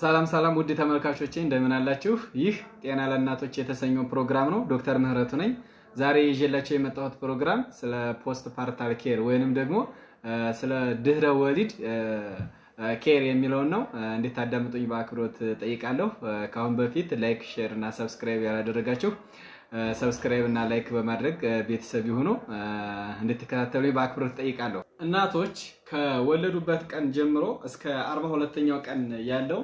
ሰላም ሰላም ውድ ተመልካቾቼ እንደምን አላችሁ? ይህ ጤና ለእናቶች የተሰኘው ፕሮግራም ነው። ዶክተር ምህረቱ ነኝ። ዛሬ ይዤላቸው የመጣሁት ፕሮግራም ስለ ፖስት ፓርታል ኬር ወይንም ደግሞ ስለ ድህረ ወሊድ ኬር የሚለውን ነው። እንዴት ታዳምጡኝ በአክብሮት ጠይቃለሁ። ከአሁን በፊት ላይክ፣ ሼር እና ሰብስክራይብ ያላደረጋችሁ ሰብስክራይብ እና ላይክ በማድረግ ቤተሰብ የሆኑ እንድትከታተሉኝ በአክብሮት ጠይቃለሁ። እናቶች ከወለዱበት ቀን ጀምሮ እስከ አርባ ሁለተኛው ቀን ያለው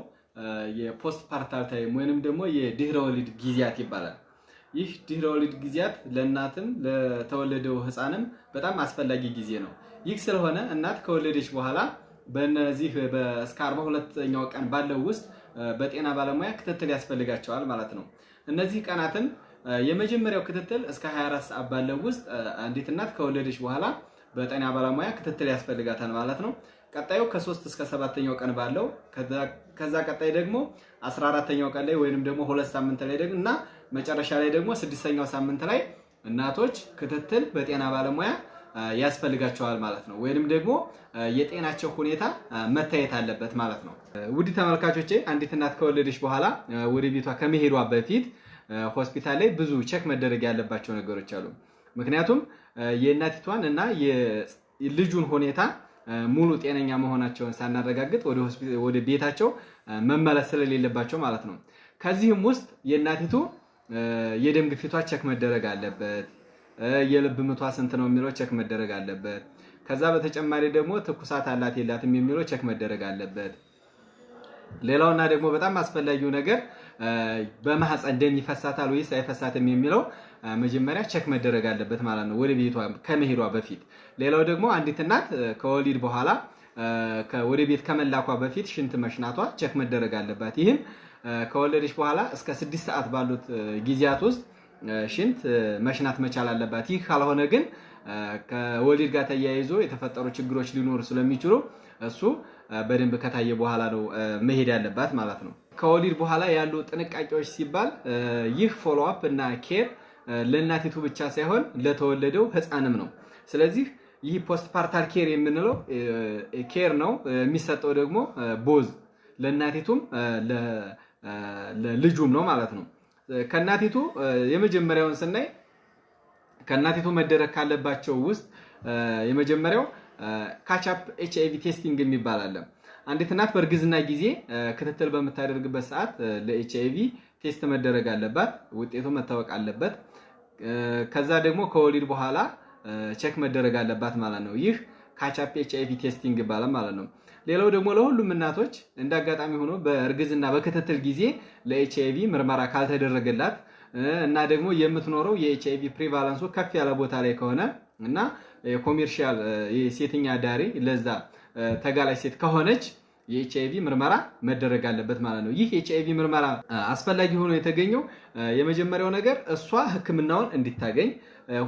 የፖስት ፓርታል ታይም ወይንም ደግሞ የድህረ ወሊድ ጊዜያት ይባላል። ይህ ድህረ ወሊድ ጊዜያት ለእናትም ለተወለደው ህፃንም በጣም አስፈላጊ ጊዜ ነው። ይህ ስለሆነ እናት ከወለደች በኋላ በነዚህ እስከ 42ኛው ቀን ባለው ውስጥ በጤና ባለሙያ ክትትል ያስፈልጋቸዋል ማለት ነው። እነዚህ ቀናትን የመጀመሪያው ክትትል እስከ 24 ሰዓት ባለው ውስጥ አንዲት እናት ከወለደች በኋላ በጤና ባለሙያ ክትትል ያስፈልጋታል ማለት ነው። ቀጣዩ ከሶስት እስከ ሰባተኛው ቀን ባለው ከዛ ቀጣይ ደግሞ 14ተኛው ቀን ላይ ወይንም ደግሞ ሁለት ሳምንት ላይ ደግሞ እና መጨረሻ ላይ ደግሞ ስድስተኛው ሳምንት ላይ እናቶች ክትትል በጤና ባለሙያ ያስፈልጋቸዋል ማለት ነው። ወይንም ደግሞ የጤናቸው ሁኔታ መታየት አለበት ማለት ነው። ውድ ተመልካቾቼ አንዲት እናት ከወለደች በኋላ ወደ ቤቷ ከመሄዷ በፊት ሆስፒታል ላይ ብዙ ቼክ መደረግ ያለባቸው ነገሮች አሉ። ምክንያቱም የእናቲቷን እና የልጁን ሁኔታ ሙሉ ጤነኛ መሆናቸውን ሳናረጋግጥ ወደ ቤታቸው መመለስ ስለሌለባቸው ማለት ነው። ከዚህም ውስጥ የእናቲቱ የደም ግፊቷ ቸክ መደረግ አለበት። የልብ ምቷ ስንት ነው የሚለው ቸክ መደረግ አለበት። ከዛ በተጨማሪ ደግሞ ትኩሳት አላት የላትም የሚለው ቸክ መደረግ አለበት። ሌላውና ደግሞ በጣም አስፈላጊው ነገር በማህፀን ደም ይፈሳታል ወይስ አይፈሳትም የሚለው መጀመሪያ ቸክ መደረግ አለበት ማለት ነው፣ ወደ ቤቷ ከመሄዷ በፊት። ሌላው ደግሞ አንዲት እናት ከወሊድ በኋላ ወደ ቤት ከመላኳ በፊት ሽንት መሽናቷ ቸክ መደረግ አለባት። ይህም ከወለደች በኋላ እስከ ስድስት ሰዓት ባሉት ጊዜያት ውስጥ ሽንት መሽናት መቻል አለባት። ይህ ካልሆነ ግን ከወሊድ ጋር ተያይዞ የተፈጠሩ ችግሮች ሊኖሩ ስለሚችሉ እሱ በደንብ ከታየ በኋላ ነው መሄድ ያለባት ማለት ነው። ከወሊድ በኋላ ያሉ ጥንቃቄዎች ሲባል ይህ ፎሎአፕ እና ኬር ለእናቲቱ ብቻ ሳይሆን ለተወለደው ህፃንም ነው። ስለዚህ ይህ ፖስት ፓርታል ኬር የምንለው ኬር ነው የሚሰጠው ደግሞ ቦዝ ለእናቲቱም ለልጁም ነው ማለት ነው። ከእናቲቱ የመጀመሪያውን ስናይ ከእናቲቱ መደረግ ካለባቸው ውስጥ የመጀመሪያው ካቻፕ ኤች አይቪ ቴስቲንግ የሚባል አለ። አንዲት እናት በእርግዝና ጊዜ ክትትል በምታደርግበት ሰዓት ለኤች አይቪ ቴስት መደረግ አለባት። ውጤቱ መታወቅ አለበት። ከዛ ደግሞ ከወሊድ በኋላ ቼክ መደረግ አለባት ማለት ነው። ይህ ካቻፕ ኤች ቴስቲንግ ይባላል ማለት ነው። ሌላው ደግሞ ለሁሉም እናቶች እንደ አጋጣሚ ሆኖ በእርግዝና በክትትል ጊዜ ለኤች አይቪ ምርመራ ካልተደረገላት እና ደግሞ የምትኖረው የኤች አይቪ ፕሪቫለንሱ ከፍ ያለ ቦታ ላይ ከሆነ እና ኮሜርሻል ሴተኛ አዳሪ ለዛ ተጋላጭ ሴት ከሆነች የኤች አይቪ ምርመራ መደረግ አለበት ማለት ነው። ይህ ኤች አይቪ ምርመራ አስፈላጊ ሆኖ የተገኘው የመጀመሪያው ነገር እሷ ሕክምናውን እንዲታገኝ፣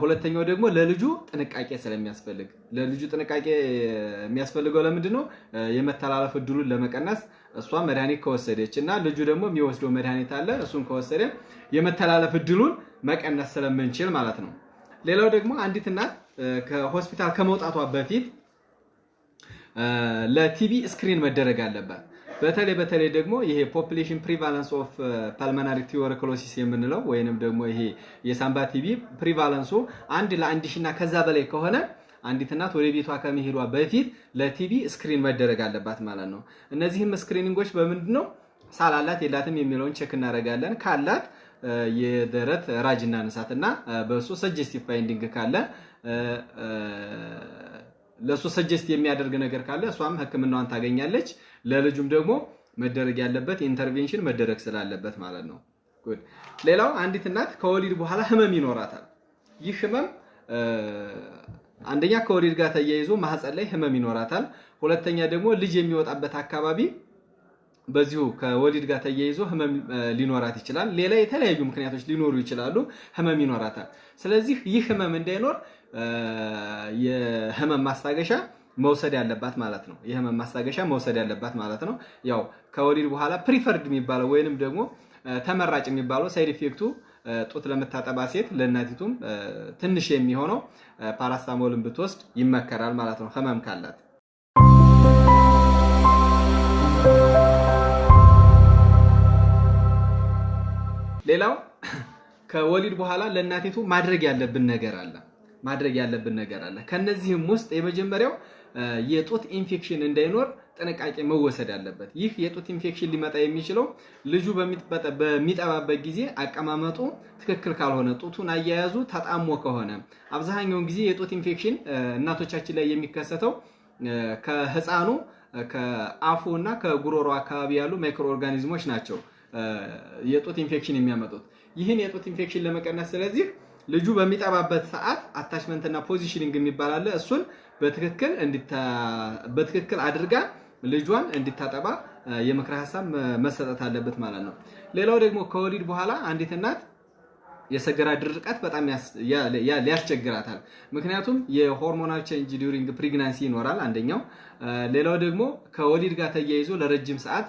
ሁለተኛው ደግሞ ለልጁ ጥንቃቄ ስለሚያስፈልግ ለልጁ ጥንቃቄ የሚያስፈልገው ለምንድን ነው? የመተላለፍ እድሉን ለመቀነስ እሷ መድኃኒት ከወሰደች እና ልጁ ደግሞ የሚወስደው መድኃኒት አለ እሱን ከወሰደ የመተላለፍ እድሉን መቀነስ ስለምንችል ማለት ነው። ሌላው ደግሞ አንዲት እናት ከሆስፒታል ከመውጣቷ በፊት ለቲቪ ስክሪን መደረግ አለባት። በተለይ በተለይ ደግሞ ይሄ ፖፕሌሽን ፕሪቫለንስ ኦፍ ፐልመናሪ ቱበርክሎሲስ የምንለው ወይንም ደግሞ ይሄ የሳምባ ቲቪ ፕሪቫለንሱ አንድ ለአንድ ከዛ በላይ ከሆነ አንዲት እናት ወደ ቤቷ ከመሄዷ በፊት ለቲቪ ስክሪን መደረግ አለባት ማለት ነው። እነዚህም ስክሪኒንጎች በምንድን ነው ሳላላት የላትም የሚለውን ቼክ እናደርጋለን። ካላት የደረት ራጅ እናነሳት እና በእሱ ሰጀስቲቭ ፋይንዲንግ ካለ ለእሱ ሰጀስት የሚያደርግ ነገር ካለ እሷም ህክምናዋን ታገኛለች። ለልጁም ደግሞ መደረግ ያለበት ኢንተርቬንሽን መደረግ ስላለበት ማለት ነው። ሌላው አንዲት እናት ከወሊድ በኋላ ህመም ይኖራታል። ይህ ህመም አንደኛ ከወሊድ ጋር ተያይዞ ማህፀን ላይ ህመም ይኖራታል። ሁለተኛ ደግሞ ልጅ የሚወጣበት አካባቢ በዚሁ ከወሊድ ጋር ተያይዞ ህመም ሊኖራት ይችላል። ሌላ የተለያዩ ምክንያቶች ሊኖሩ ይችላሉ። ህመም ይኖራታል። ስለዚህ ይህ ህመም እንዳይኖር የህመም ማስታገሻ መውሰድ ያለባት ማለት ነው። የህመም ማስታገሻ መውሰድ ያለባት ማለት ነው። ያው ከወሊድ በኋላ ፕሪፈርድ የሚባለው ወይንም ደግሞ ተመራጭ የሚባለው ሳይድ ኢፌክቱ ጡት ለምታጠባ ሴት ለእናቲቱም ትንሽ የሚሆነው ፓራስታሞልን ብትወስድ ይመከራል ማለት ነው ህመም ካላት። ሌላው ከወሊድ በኋላ ለእናቲቱ ማድረግ ያለብን ነገር አለ። ማድረግ ያለብን ነገር አለ። ከነዚህም ውስጥ የመጀመሪያው የጡት ኢንፌክሽን እንዳይኖር ጥንቃቄ መወሰድ አለበት። ይህ የጡት ኢንፌክሽን ሊመጣ የሚችለው ልጁ በሚጠባበት ጊዜ አቀማመጡ ትክክል ካልሆነ፣ ጡቱን አያያዙ ተጣሞ ከሆነ አብዛኛውን ጊዜ የጡት ኢንፌክሽን እናቶቻችን ላይ የሚከሰተው ከህፃኑ ከአፉ እና ከጉሮሮ አካባቢ ያሉ ማይክሮ ኦርጋኒዝሞች ናቸው የጡት ኢንፌክሽን የሚያመጡት። ይህን የጡት ኢንፌክሽን ለመቀነስ ስለዚህ ልጁ በሚጠባበት ሰዓት አታችመንት እና ፖዚሽኒንግ የሚባል አለ። እሱን በትክክል በትክክል አድርጋ ልጇን እንድታጠባ የምክረ ሀሳብ መሰጠት አለበት ማለት ነው። ሌላው ደግሞ ከወሊድ በኋላ አንዲት እናት የሰገራ ድርቀት በጣም ሊያስቸግራታል። ምክንያቱም የሆርሞናል ቼንጅ ዲሪንግ ፕሪግናንሲ ይኖራል አንደኛው። ሌላው ደግሞ ከወሊድ ጋር ተያይዞ ለረጅም ሰዓት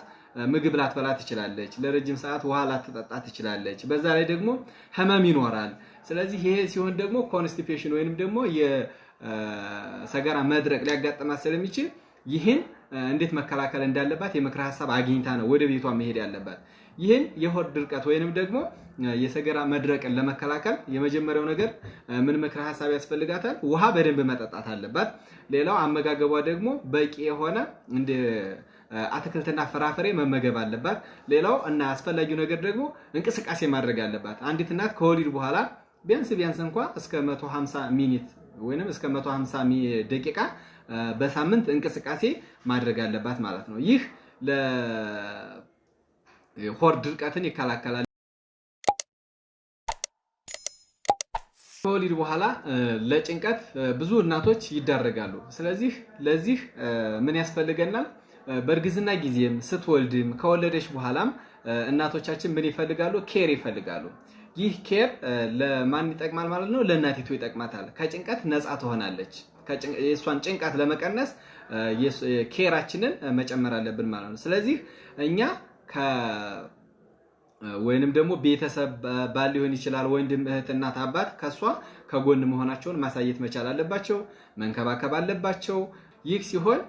ምግብ ላትበላ ትችላለች፣ ለረጅም ሰዓት ውሃ ላትጠጣ ትችላለች። በዛ ላይ ደግሞ ህመም ይኖራል። ስለዚህ ይሄ ሲሆን ደግሞ ኮንስቲፔሽን ወይንም ደግሞ የሰገራ መድረቅ ሊያጋጥማት ስለሚችል ይህን እንዴት መከላከል እንዳለባት የምክር ሀሳብ አግኝታ ነው ወደ ቤቷ መሄድ ያለባት። ይህን የሆድ ድርቀት ወይንም ደግሞ የሰገራ መድረቅን ለመከላከል የመጀመሪያው ነገር ምን ምክር ሀሳብ ያስፈልጋታል? ውሃ በደንብ መጠጣት አለባት። ሌላው አመጋገቧ ደግሞ በቂ የሆነ አትክልትና ፍራፍሬ መመገብ አለባት። ሌላው እና አስፈላጊው ነገር ደግሞ እንቅስቃሴ ማድረግ አለባት። አንዲት እናት ከወሊድ በኋላ ቢያንስ ቢያንስ እንኳ እስከ 150 ሚኒት ወይንም እስከ 150 ደቂቃ በሳምንት እንቅስቃሴ ማድረግ አለባት ማለት ነው። ይህ ለሆድ ድርቀትን ይከላከላል። ከወሊድ በኋላ ለጭንቀት ብዙ እናቶች ይዳረጋሉ። ስለዚህ ለዚህ ምን ያስፈልገናል? በእርግዝና ጊዜም ስትወልድም ከወለደች በኋላም እናቶቻችን ምን ይፈልጋሉ? ኬር ይፈልጋሉ። ይህ ኬር ለማን ይጠቅማል ማለት ነው? ለእናቲቱ ይጠቅማታል። ከጭንቀት ነፃ ትሆናለች። የእሷን ጭንቀት ለመቀነስ ኬራችንን መጨመር አለብን ማለት ነው። ስለዚህ እኛ ወይንም ደግሞ ቤተሰብ ባል ሊሆን ይችላል፣ ወንድም፣ እህት፣ እናት፣ አባት ከእሷ ከጎን መሆናቸውን ማሳየት መቻል አለባቸው፣ መንከባከብ አለባቸው። ይህ ሲሆን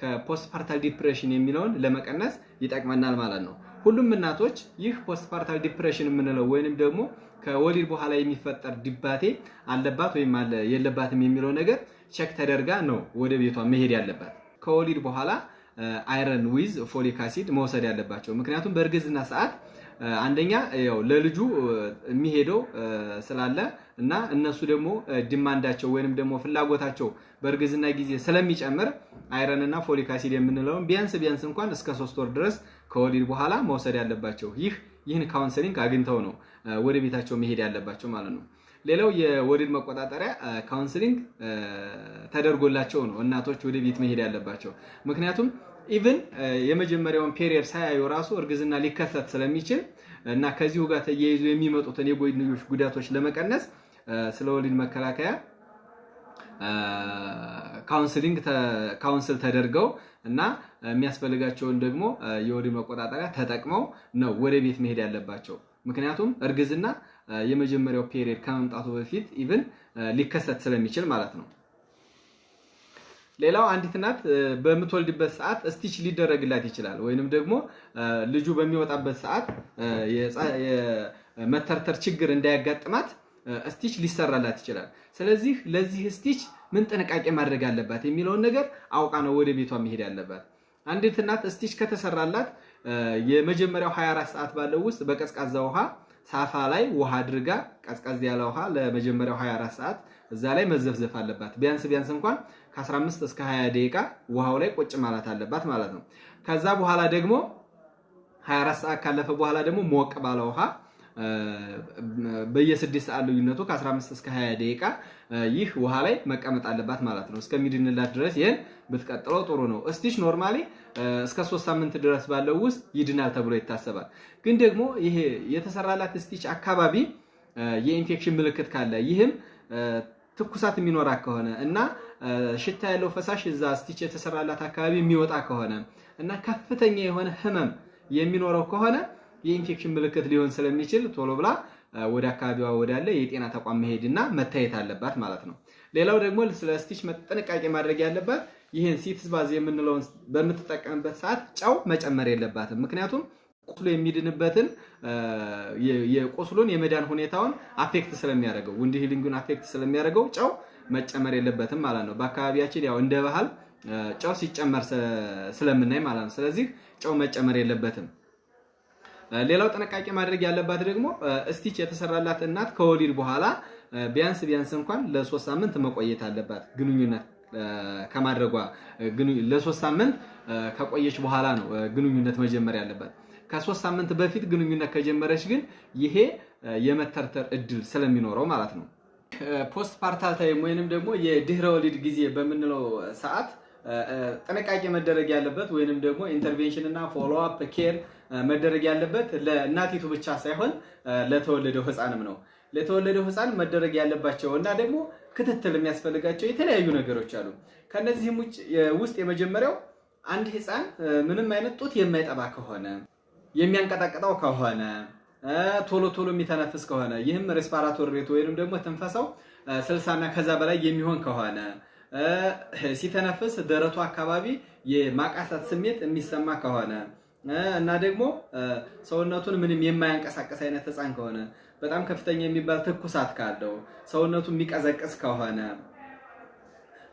ከፖስትፓርታል ፓርታል ዲፕሬሽን የሚለውን ለመቀነስ ይጠቅመናል ማለት ነው። ሁሉም እናቶች ይህ ፖስት ፓርታል ዲፕሬሽን የምንለው ወይንም ደግሞ ከወሊድ በኋላ የሚፈጠር ድባቴ አለባት ወይም አለ የለባትም የሚለው ነገር ቸክ ተደርጋ ነው ወደ ቤቷ መሄድ ያለባት። ከወሊድ በኋላ አይረን ዊዝ ፎሊክ አሲድ መውሰድ ያለባቸው። ምክንያቱም በእርግዝና ሰዓት አንደኛ ያው ለልጁ የሚሄደው ስላለ እና እነሱ ደግሞ ድማንዳቸው ወይንም ደግሞ ፍላጎታቸው በእርግዝና ጊዜ ስለሚጨምር አይረንና ፎሊክ አሲድ የምንለውን ቢያንስ ቢያንስ እንኳን እስከ ሶስት ወር ድረስ ከወሊድ በኋላ መውሰድ ያለባቸው ይህ ይህን ካውንስሊንግ አግኝተው ነው ወደ ቤታቸው መሄድ ያለባቸው ማለት ነው። ሌላው የወሊድ መቆጣጠሪያ ካውንስሊንግ ተደርጎላቸው ነው እናቶች ወደ ቤት መሄድ ያለባቸው። ምክንያቱም ኢቭን የመጀመሪያውን ፔሪየድ ሳያዩ ራሱ እርግዝና ሊከሰት ስለሚችል እና ከዚሁ ጋር ተያይዞ የሚመጡትን የጎንዮሽ ጉዳቶች ለመቀነስ ስለ ወሊድ መከላከያ ካውንስሊንግ ካውንስል ተደርገው እና የሚያስፈልጋቸውን ደግሞ የወሊድ መቆጣጠሪያ ተጠቅመው ነው ወደ ቤት መሄድ ያለባቸው። ምክንያቱም እርግዝና የመጀመሪያው ፔሪየድ ከመምጣቱ በፊት ኢቭን ሊከሰት ስለሚችል ማለት ነው። ሌላው አንዲት እናት በምትወልድበት ሰዓት ስቲች ሊደረግላት ይችላል። ወይንም ደግሞ ልጁ በሚወጣበት ሰዓት የመተርተር ችግር እንዳያጋጥማት ስቲች ሊሰራላት ይችላል። ስለዚህ ለዚህ ስቲች ምን ጥንቃቄ ማድረግ አለባት የሚለውን ነገር አውቃ ነው ወደ ቤቷ መሄድ ያለባት። አንዲት እናት ስቲች ከተሰራላት የመጀመሪያው 24 ሰዓት ባለው ውስጥ በቀዝቃዛ ውሃ ሳፋ ላይ ውሃ አድርጋ ቀዝቃዝ ያለ ውሃ ለመጀመሪያው 24 ሰዓት እዛ ላይ መዘፍዘፍ አለባት። ቢያንስ ቢያንስ እንኳን ከ15 እስከ 20 ደቂቃ ውሃው ላይ ቁጭ ማለት አለባት ማለት ነው። ከዛ በኋላ ደግሞ 24 ሰዓት ካለፈ በኋላ ደግሞ ሞቅ ባለ ውሃ በየስድስት ሰዓት ልዩነቱ ከ15 እስከ 20 ደቂቃ ይህ ውሃ ላይ መቀመጥ አለባት ማለት ነው። እስከሚድንላት ድረስ ይህን ብትቀጥለው ጥሩ ነው። እስቲች ኖርማሊ እስከ ሶስት ሳምንት ድረስ ባለው ውስጥ ይድናል ተብሎ ይታሰባል። ግን ደግሞ ይሄ የተሰራላት እስቲች አካባቢ የኢንፌክሽን ምልክት ካለ ይህም ትኩሳት የሚኖራ ከሆነ እና ሽታ ያለው ፈሳሽ እዛ ስቲች የተሰራላት አካባቢ የሚወጣ ከሆነ እና ከፍተኛ የሆነ ህመም የሚኖረው ከሆነ የኢንፌክሽን ምልክት ሊሆን ስለሚችል ቶሎ ብላ ወደ አካባቢዋ ወዳለ የጤና ተቋም መሄድና መታየት አለባት ማለት ነው። ሌላው ደግሞ ስለ ስቲች ጥንቃቄ ማድረግ ያለባት ይህን ባዝ የምንለውን በምትጠቀምበት ሰዓት ጨው መጨመር የለባትም። ምክንያቱም ቁስሉ የሚድንበትን የቁስሉን የመዳን ሁኔታውን አፌክት ስለሚያደርገው ውንድ ሂሊንግን አፌክት ስለሚያደርገው ጨው መጨመር የለበትም ማለት ነው። በአካባቢያችን ያው እንደ ባህል ጨው ሲጨመር ስለምናይ ማለት ነው። ስለዚህ ጨው መጨመር የለበትም። ሌላው ጥንቃቄ ማድረግ ያለባት ደግሞ ስቲች የተሰራላት እናት ከወሊድ በኋላ ቢያንስ ቢያንስ እንኳን ለሶስት ሳምንት መቆየት አለባት ግንኙነት ከማድረጓ ለሶስት ሳምንት ከቆየች በኋላ ነው ግንኙነት መጀመር ያለባት። ከሶስት ሳምንት በፊት ግንኙነት ከጀመረች ግን ይሄ የመተርተር እድል ስለሚኖረው ማለት ነው። ፖስት ታይም ወይንም ደግሞ የድህረ ወሊድ ጊዜ በምንለው ሰዓት ጥንቃቄ መደረግ ያለበት ወይንም ደግሞ ኢንተርቬንሽን እና ፎሎአፕ ኬር uh, መደረግ ያለበት ለእናቲቱ ብቻ ሳይሆን uh, ለተወለደው ህፃንም ነው። ለተወለደው ህፃን መደረግ ያለባቸው እና ደግሞ ክትትል የሚያስፈልጋቸው የተለያዩ ነገሮች አሉ። ከእነዚህም uh, ውስጥ የመጀመሪያው አንድ ህፃን ምንም አይነት ጡት የማይጠባ ከሆነ የሚያንቀጣቅጠው ከሆነ ቶሎ ቶሎ የሚተነፍስ ከሆነ ይህም ሬስፓራቶር ሬት ወይንም ደግሞ ትንፈሳው ስልሳና ከዛ በላይ የሚሆን ከሆነ ሲተነፍስ ደረቱ አካባቢ የማቃሳት ስሜት የሚሰማ ከሆነ እና ደግሞ ሰውነቱን ምንም የማያንቀሳቀስ አይነት ህፃን ከሆነ በጣም ከፍተኛ የሚባል ትኩሳት ካለው ሰውነቱ የሚቀዘቅዝ ከሆነ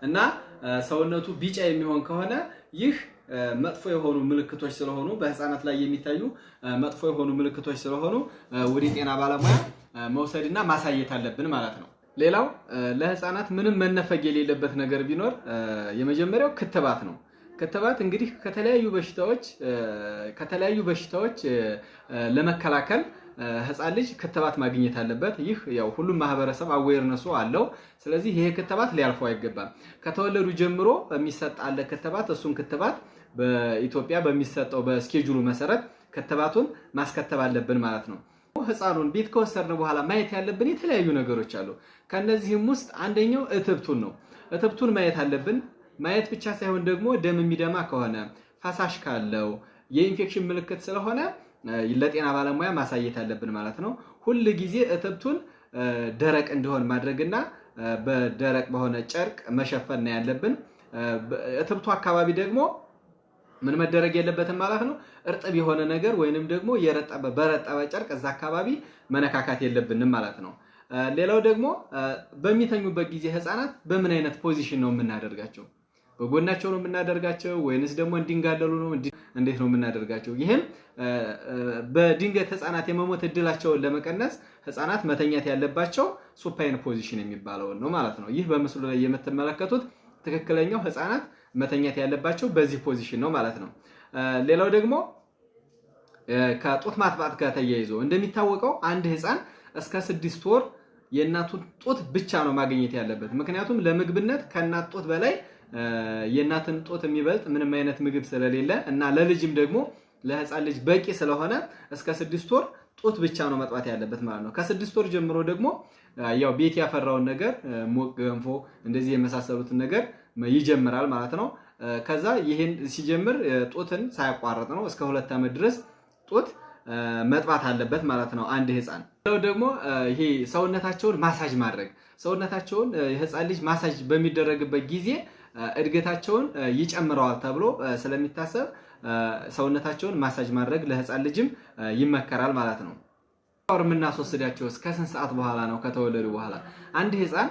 እና ሰውነቱ ቢጫ የሚሆን ከሆነ ይህ መጥፎ የሆኑ ምልክቶች ስለሆኑ በህፃናት ላይ የሚታዩ መጥፎ የሆኑ ምልክቶች ስለሆኑ ወደ ጤና ባለሙያ መውሰድና ማሳየት አለብን ማለት ነው። ሌላው ለህፃናት ምንም መነፈግ የሌለበት ነገር ቢኖር የመጀመሪያው ክትባት ነው። ክትባት እንግዲህ ከተለያዩ በሽታዎች ከተለያዩ በሽታዎች ለመከላከል ህፃን ልጅ ክትባት ማግኘት አለበት። ይህ ያው ሁሉም ማህበረሰብ አዌርነሱ አለው። ስለዚህ ይሄ ክትባት ሊያልፈው አይገባም። ከተወለዱ ጀምሮ የሚሰጥ አለ ክትባት። እሱን ክትባት በኢትዮጵያ በሚሰጠው በስኬጁሉ መሰረት ክትባቱን ማስከተብ አለብን ማለት ነው። ህፃኑን ቤት ከወሰድን በኋላ ማየት ያለብን የተለያዩ ነገሮች አሉ። ከነዚህም ውስጥ አንደኛው እትብቱን ነው። እትብቱን ማየት አለብን። ማየት ብቻ ሳይሆን ደግሞ ደም የሚደማ ከሆነ ፈሳሽ ካለው የኢንፌክሽን ምልክት ስለሆነ ለጤና ባለሙያ ማሳየት አለብን ማለት ነው። ሁል ጊዜ እትብቱን ደረቅ እንዲሆን ማድረግና በደረቅ በሆነ ጨርቅ መሸፈን ያለብን። እትብቱ አካባቢ ደግሞ ምን መደረግ የለበትም ማለት ነው። እርጥብ የሆነ ነገር ወይንም ደግሞ የረጠበ በረጠበ ጨርቅ እዛ አካባቢ መነካካት የለብንም ማለት ነው። ሌላው ደግሞ በሚተኙበት ጊዜ ህፃናት በምን አይነት ፖዚሽን ነው የምናደርጋቸው? በጎናቸው ነው የምናደርጋቸው ወይንስ ደግሞ እንዲንጋለሉ ነው? እንዴት ነው የምናደርጋቸው? ይህም በድንገት ህፃናት የመሞት እድላቸውን ለመቀነስ ህፃናት መተኛት ያለባቸው ሱፓይን ፖዚሽን የሚባለውን ነው ማለት ነው። ይህ በምስሉ ላይ የምትመለከቱት ትክክለኛው ህፃናት መተኛት ያለባቸው በዚህ ፖዚሽን ነው ማለት ነው። ሌላው ደግሞ ከጡት ማጥባት ጋር ተያይዞ እንደሚታወቀው አንድ ህፃን እስከ ስድስት ወር የእናቱን ጡት ብቻ ነው ማግኘት ያለበት። ምክንያቱም ለምግብነት ከእናት ጡት በላይ የእናትን ጡት የሚበልጥ ምንም አይነት ምግብ ስለሌለ እና ለልጅም ደግሞ ለህፃን ልጅ በቂ ስለሆነ እስከ ስድስት ወር ጡት ብቻ ነው መጥባት ያለበት ማለት ነው። ከስድስት ወር ጀምሮ ደግሞ ያው ቤት ያፈራውን ነገር ሞቅ ገንፎ እንደዚህ የመሳሰሉትን ነገር ይጀምራል ማለት ነው። ከዛ ይህን ሲጀምር ጡትን ሳያቋርጥ ነው እስከ ሁለት ዓመት ድረስ ጡት መጥባት አለበት ማለት ነው። አንድ ህፃን ለው ደግሞ ይሄ ሰውነታቸውን ማሳጅ ማድረግ ሰውነታቸውን የህፃን ልጅ ማሳጅ በሚደረግበት ጊዜ እድገታቸውን ይጨምረዋል ተብሎ ስለሚታሰብ ሰውነታቸውን ማሳጅ ማድረግ ለህፃን ልጅም ይመከራል ማለት ነው። የምናስወስዳቸው እስከ ስንት ሰዓት በኋላ ነው ከተወለዱ በኋላ አንድ ህፃን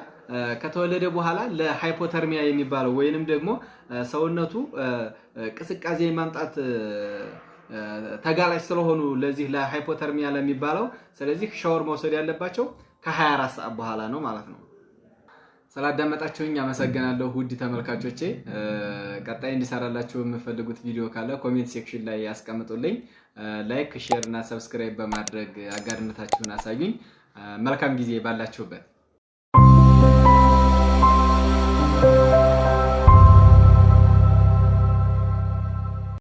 ከተወለደ በኋላ ለሃይፖተርሚያ የሚባለው ወይንም ደግሞ ሰውነቱ ቅስቃዜ የማምጣት ተጋላጭ ስለሆኑ ለዚህ ለሃይፖተርሚያ ለሚባለው ስለዚህ ሻወር መውሰድ ያለባቸው ከ24 ሰዓት በኋላ ነው ማለት ነው። ስላዳመጣችሁኝ አመሰግናለሁ ውድ ተመልካቾቼ። ቀጣይ እንዲሰራላችሁ የምፈልጉት ቪዲዮ ካለ ኮሜንት ሴክሽን ላይ ያስቀምጡልኝ። ላይክ፣ ሼር እና ሰብስክራይብ በማድረግ አጋርነታችሁን አሳዩኝ። መልካም ጊዜ ባላችሁበት